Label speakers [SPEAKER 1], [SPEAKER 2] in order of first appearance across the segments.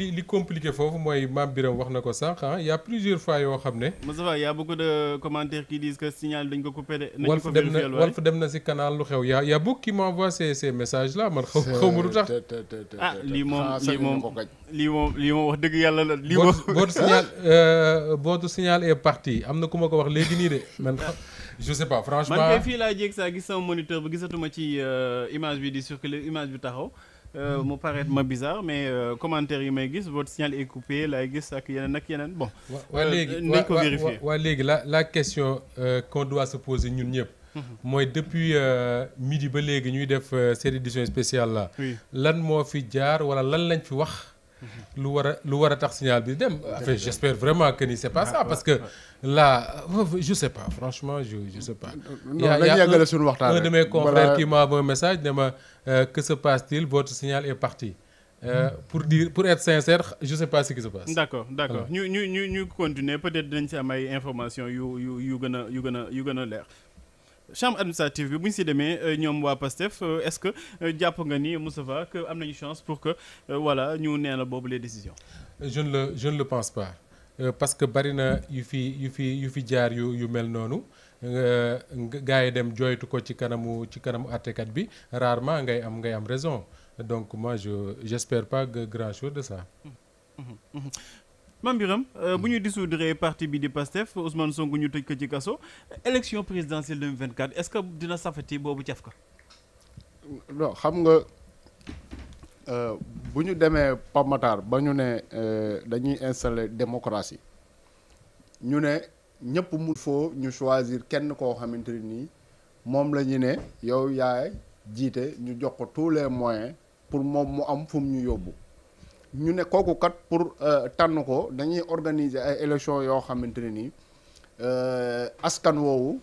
[SPEAKER 1] li li compliqué foofu mooy Mame Birame wax na ko sànq ah y' a plusieurs fois yoo xam ne.
[SPEAKER 2] Moustapha y' a beaucoup de commentaires qui disent que signal dañ ko coupé de. nañ ko dem
[SPEAKER 1] dem na si canal lu xew y' a y' a beaucoup qui m' envoie ces ces man. xaw xaw ma ah,
[SPEAKER 2] moom lii moom lii moom wax dëgg yàlla la li moom. votre signal
[SPEAKER 1] euh, votre signal est parti am na ku ma ko wax léegi nii de man. je sais pas franchement man kay
[SPEAKER 2] fii laa jéeg saa gis sama moniteur bi gisatuma ci euh, di circuler image bi taxaw. Euh, mu paraître ma bizarre mais euh, commentaire yi may gis votre signal est coupé laay gis ak yeneen ak yeneen bon. waa léegi euh, nañ
[SPEAKER 1] waa léegi la la question qu'on doit se poser ñun ñëpp. Mhm. mooy depuis midi ba léegi ñuy def cette édition spéciale là. lan moo fi jaar wala lan lañ fi wax. lu war a lu war a tax signal bi dem. enfin j' espère vraiment que ni c' est pas ça parce que là je sais pas franchement je je sais pas. non dañu yàggale suñu waxtaan un de mes confrères qui message ne ma euh, que se passe-t-il votre signal est parti. Euh, mm-hmm. pour dire pour être sincère je sais pas ce qui se passe. d'accord d'accord
[SPEAKER 2] ñu ñu ñu ñu continuer peut-être dañ ci am ay information yu yu yu gën a yu gën a yu gën a leer. chambre administrative bi bu ñu si demee euh, ñoom waa PASTEF euh, est-ce que euh, jàpp nga ni Moustapha que am nañu chance pour que voilà ñu neena la boobu les
[SPEAKER 1] décisions. je ne le je le pense pas parce que bari na yu fi yu fi yu fi jaar yu yu mel noonu. gaa yi dem joytu ko ci kanamu ci kanamu àttekat bi rarement ngay am ngay am raison donc moi je j'espère pas grand chose de ça.
[SPEAKER 2] Mmh, mmh, mmh. Mame Birame euh, mm. bu ñu dissoudre parti bi di PASTEF Ousmane Sonko ñu tëj ko ci kaso élection présidentielle 2024 est-ce que dina safati boobu caf ka
[SPEAKER 3] non xam nga euh, bu ñu demee Pamatar ba ñu ne euh, dañuy installer démocratie ñu ne ñëpp mu faut ñu choisir kenn koo xamante nii moom la ñu ne yow yaay jiite ñu jox ko tous les moyens pour moom mu am fu ñu yóbbu ñu ne kooku kat pour euh, tànn ko dañuy organiser ay élection yoo xamante ne nii euh, askan woowu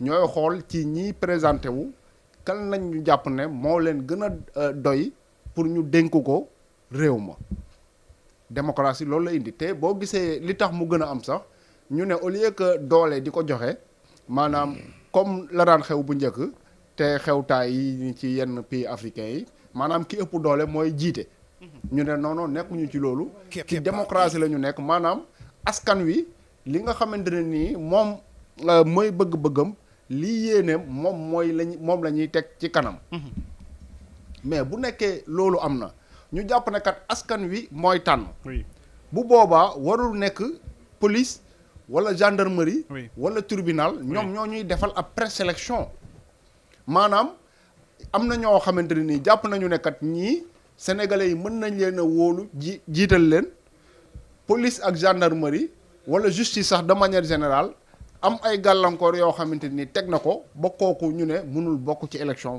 [SPEAKER 3] ñooy xool ci ñii présenté wu kan lañ jàpp ne moo leen gën a euh, doy pour ñu dénk ko réew ma démocratie loolu la indi te boo gisee li tax mu gën a am sax ñu ne au lieu que doole di ko joxe maanaam comme la daan xew bu njëkk te xewtaay yi ci yenn pays africains yi maanaam ki ëpp doole mooy jiite ñu ne non nekkuñu ci loolu. ci démocratie la ñu nekk maanaam askan wi li nga xamante ne nii moom euh, mooy bëgg-bëggam lii yéeneem moom mooy lañ moom la ñuy teg ci kanam. Mm-hmm. mais bu nekkee loolu am na ñu jàpp nakat askan wi mooy tànn. bu boobaa warul nekk police wala gendarmerie. wala tribunal ñoom ñoo ñuy defal ab présélection maanaam am na ñoo xamante ne nii jàpp nañu nekkat kat ñii. sénégalais yi mën nañ leen a wóolu ji jiital leen police ak gendarmerie wala justice sax de manière générale am ay gàllankoor yoo xamante ni teg na ko ba kooku ñu ne mënul bokk ci élection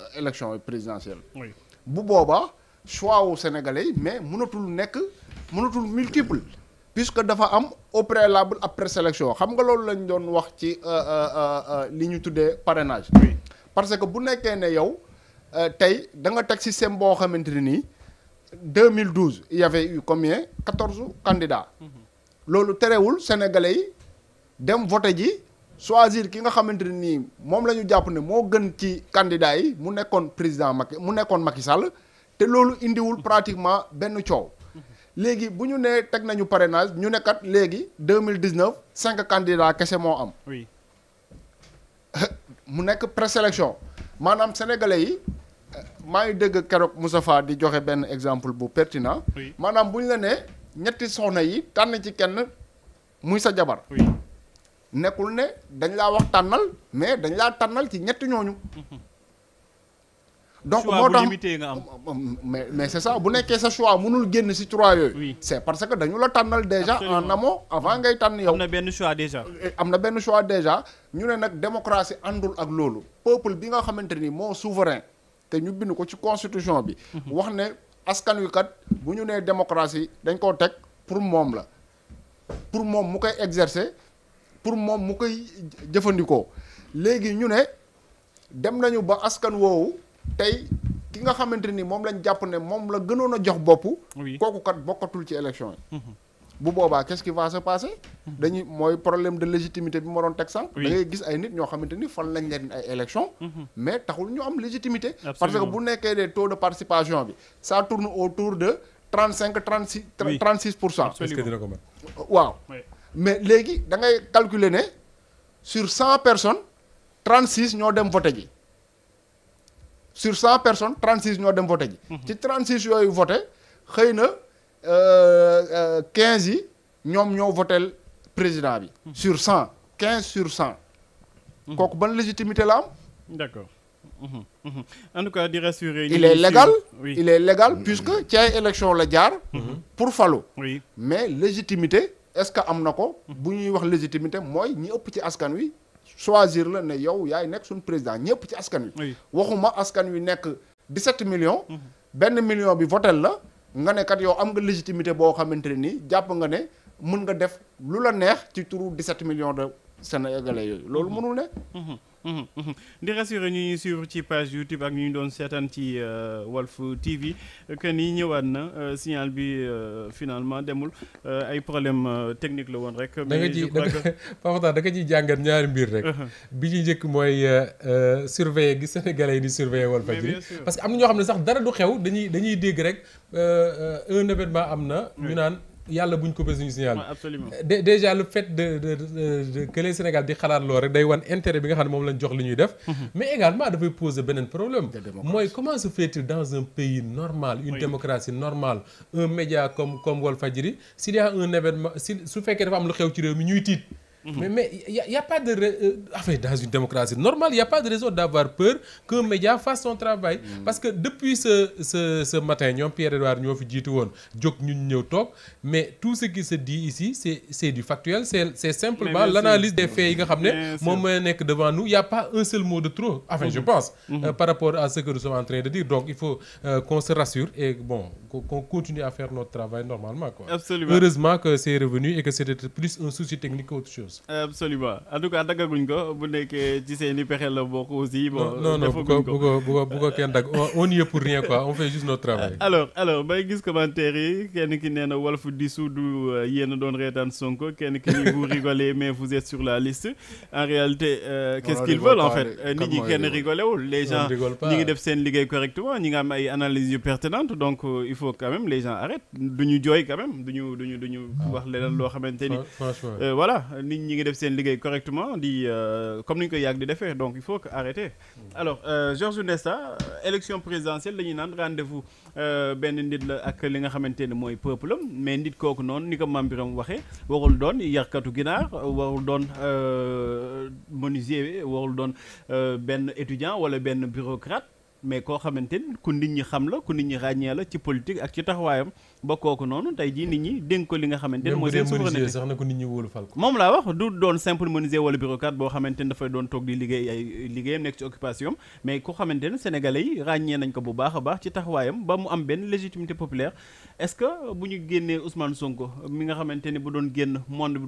[SPEAKER 3] euh, élection présidentielle. Oui. bu boobaa choix wu sénégalais yi mais mënatul nekk mënatul multiple. puisque dafa am au préalable après sélection xam nga loolu lañ doon wax ci euh, euh, li ñu tuddee parrainage. Oui. parce que bu nekkee ne yow. Euh, tey da nga teg système boo xamante ne nii 2012 il y avait eu combien 14 candidats. Mhm. loolu terewul sénégalais yi dem voté ji choisir ki nga xamante ne nii moom la ñu jàpp ne moo gën ci candidats yi mu nekkoon président Macky mu nekkoon Macky Sall te loolu indiwul mhm. pratiquement benn coow. Mhm. léegi bu ñu nee teg nañu parrainage ñu nekkat léegi deux mille dix neuf cinq candidats kese moo am. oui mu nekk présélection maanaam sénégalais yi maa ngi dégg keroog Moustapha di joxe benn exemple bu pertinent. maanaam bu ñu la nee ñetti soxna yi tànn ci kenn muy sa jabar. nekkul ne dañ laa wax tànnal mais dañ laa tànnal ci ñetti ñooñu. donc moo tax mais mais c'est ça bu nekkee sa choix mënul génn ci trois yooyu. c'est parce que dañu la tànnal déjà. en amont avant ngay tànn yow. am na benn choix déjà. Eh, am na benn choix déjà ñu ne nag démocratie àndul ak loolu. peuple bi nga xamante ni moo souverain. te ñu bind ko ci constitution bi. Mhm. wax ne askan wi kat bu ñu nee démocratie dañ koo teg pour moom la pour moom mu koy exercer pour moom mu koy jëfandikoo léegi ñu ne dem nañu ba askan woowu tey ki nga xamante ni moom lañ jàpp ne moom la gënoon a jox bopp. kooku kat bokkatul ci élection yi. Mhm. bu boobaa qu'est-ce qui va se passer dañuy mooy problème de légitimité bi ma doon teg sànq da gis ay nit ñoo xamante ni fal nañ leen ay élection mhm. mais taxul ñoo am légitimité parce que bu nekkee des taux de participation bi ça tourne autour de trente cinq trente six trente six pour cent euh, waaw mais léegi dangay ngay calculer ne sur cent personnes trente six ñoo dem voté ji sur cent personnes trente six ñoo dem voté ji mhm. ci trente six yooyu voté xëy na quinze yi ñoom ñoo votel président bi. Hmm. sur cent quinze sur cent. Hmm. kooku ban légitimité la am.
[SPEAKER 2] d'accord. Hmm, di rassurer. il est légal
[SPEAKER 3] oui. il est légal puisque ci ay élection la jaar. pour falu. mais légitimité est-ce que am na ko. bu ñuy wax légitimité mooy ñi ëpp ci askan wi. choisir la ne yow yaay nekk suñu président ñëpp ci askan wi. waxuma askan wi nekk 17 million benn million bi votel la. nga ne yow am nga légitimité boo xamante ne nii jàpp nga ne mën nga def lu la neex ci turu 17 millions de sénégalais yooyu loolu mënul
[SPEAKER 2] ne. Mhm. Mhm, mhm. di rassurer ñu ñuy suivre ci page YouTube ak ñu doon seetaan ci euh, Walf TV que ni ñëwaat na euh, signal bi euh, finalement demul ay problème technique la woon rek. mais je
[SPEAKER 1] crois da nga ciy jàngat ñaari mbir rek. Uh-huh. bi ñu njëkk mooy surveiller gi Sénégalais yi di surveiller Walf parce que am na ñoo xam ne sax dara du xew dañuy dañuy dégg rek un événement am na. ñu naan. yàlla buñ coupé suñu signal bi déjà le fait de de de que Sénégal di xalaat loolu rek day wan intérêt bi nga xam ne moom lañ jox li ñuy def mm-hmm. mais également dafay poser beneen problème mooy comment se fait-il dans un pays normal une oui. démocratie normale un média comme comme Walfadjri s'il y a un événement si su fekkee dafa am lu xew ci réew mi ñuy tiit Mhm. mais mais y a, y a pas de euh, enfin dans une démocratie normale a pas d'avoir peur qu'un média fasse son travail mhm. parce que depuis ce ce ce matin ñoom Pierre-Edouard ñoo fi jiitu woon jóg ñun ñëw toog mais tout ce qui se dit ici c'est du factuel c'est simplement l'analyse des faits yi nga xam ne moom nekk devant nous y a pas un seul mot de trop enfin mmh. je mhm. pense euh, par rapport à ce que nous sommes en train de dire donc il faut euh, qu'on se rassure et qu'on continue à faire notre travail normalement quoi 14. absolument
[SPEAKER 2] en tout cas daggaguñ ko bu nekkee ci seen i pexe la bokk aussi. bon non non bu ko bu ko bu ko kenn dagg on pour rien quoi on fait juste notre travail. alors alors may gis commentaire yi kenn ki nee na Walf di suudu euh, yéen a doon reetaan Sonko kenn ki ni vous rigolez mais vous êtes sur la liste en réalité. Euh, qu'est-ce qu'ils en fait euh, nit ñi kenn rigolé les gens ñi ngi def seen liggéey correctement ñi nga am ay analyses yu pertinentes donc il faut quand même les gens arrêtent du ñu jooy quand même du ñu ñu du ah. loo xamante ni. ñi ngi def seen liggéey correctement di euh, comme ni ñu koy yàgg di defee donc il faut que arrêter mm. alors euh, Georges Ndesta élection présidentielle la ñuy naan rendez-vous euh, benn ndit la ak li nga xamante ne mooy peuple mais nit kooku noonu ni ko Mame Birame waxee warul doon yarkatu ginaar warul doon menuisier warul doon benn étudiant wala benn bureaucrate mais koo xamante ni ku nit ñi xam la ku nit ñi ràññee la ci politique ak ci taxawaayam ba kooku noonu tey jii nit ñi dénk ko li nga xamante ni mooy seen na moom laa wax du doon simple menuisier wala bureaucrate boo xamante ni dafay doon toog di liggéey ay liggéeyam nekk ci occupation mais ku xamante ni sénégalais yi ràññee nañ ko bu baax a baax ci taxawaayam ba mu am benn légitimité populaire est-ce que bu ñu génnee Ousmane Sonko mi nga xamante ni bu doon génn monde bi